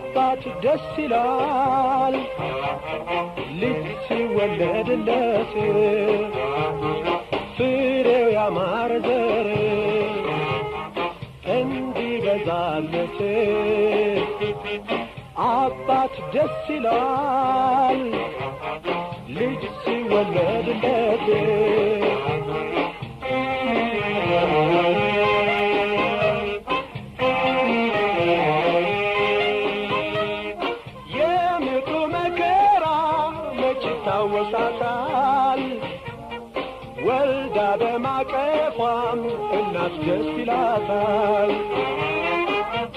አባት ደስ ይላል ልጅ ሲወለድለት ፍሬው ያማረ ዘር እንዲበዛለት አባት ደስ ይላል ልጅ ሲወለድለት እናት ደስ ይላታል።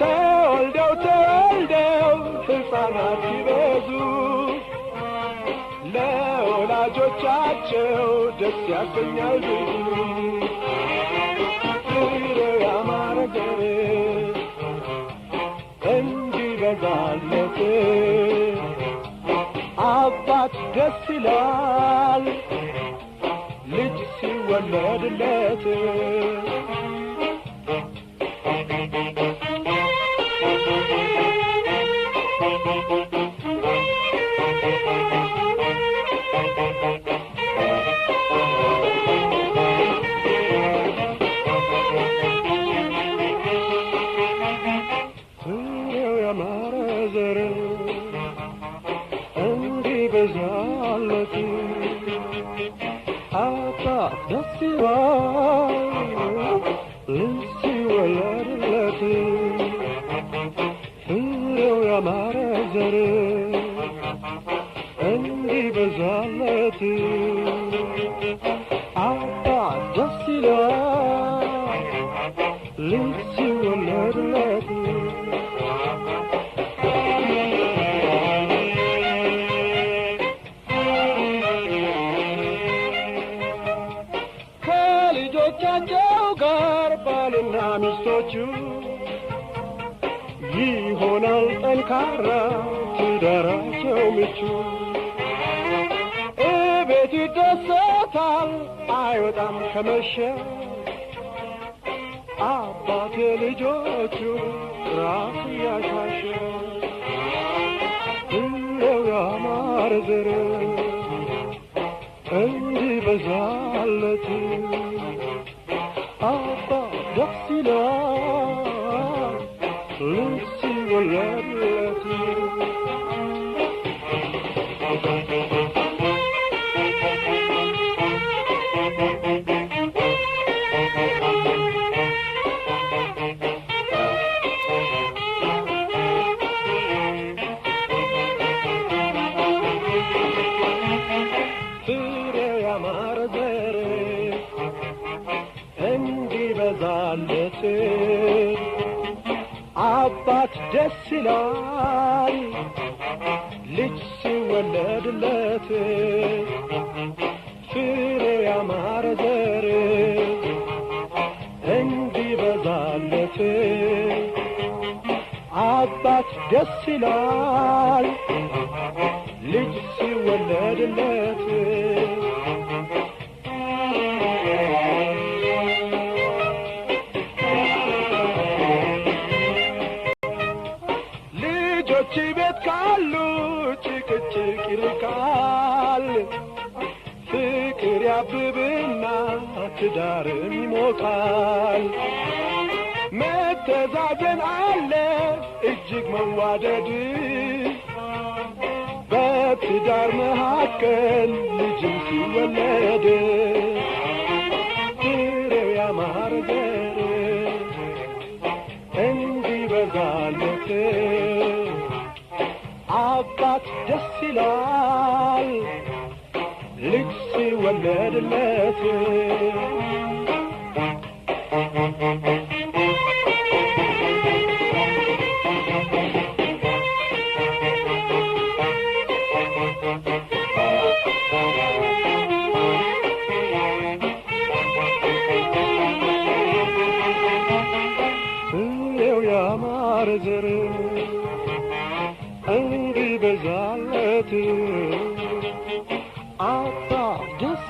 ተወልደው ተወልደው ሕፃናት ሲበዙ ለወላጆቻቸው ደስ ያሰኛል ብዙ ፍሬ ያማረገሬ እንዲበዛለት አባት ደስ ይላል Lord, nothing. Let's you another letter. ይሆናል ጠንካራ ትዳራቸው ምቹ እቤት ይደሰታል አይወጣም ከመሸ አባቴ ልጆቹ ራፍ ያሻሸ እንደው ያማረ ዘር በዛለት! አባት ደስ ይላል ልጅ ሲወለድለት ፍሬ ያማረ ዘር እንዲበዛለት አባት ደስ ይላል ልጅ ሲወለድለት ጭቅጭቅ ይርቃል፣ ፍቅር ያብብና ትዳርም ይሞቃል። መተዛዘን አለ እጅግ መዋደድ በትዳር መካከል ልጅም ሲወለድ Let it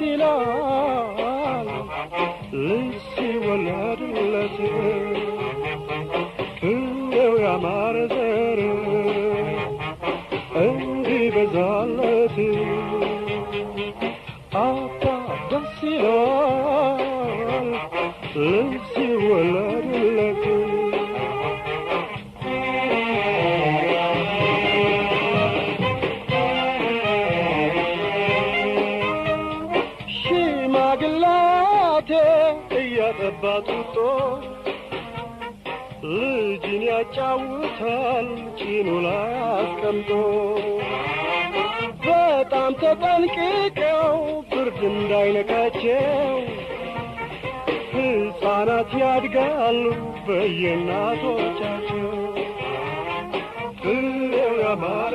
الهلال ليسي والهدل لسي كل يا مار زري ያስገባ ልጅን ያጫውታል ጭኑ ላይ አስቀምጦ በጣም ተጠንቅቀው ብርድ እንዳይነካቸው ሕፃናት ያድጋሉ በየእናቶቻቸው ፍሬው ያማረ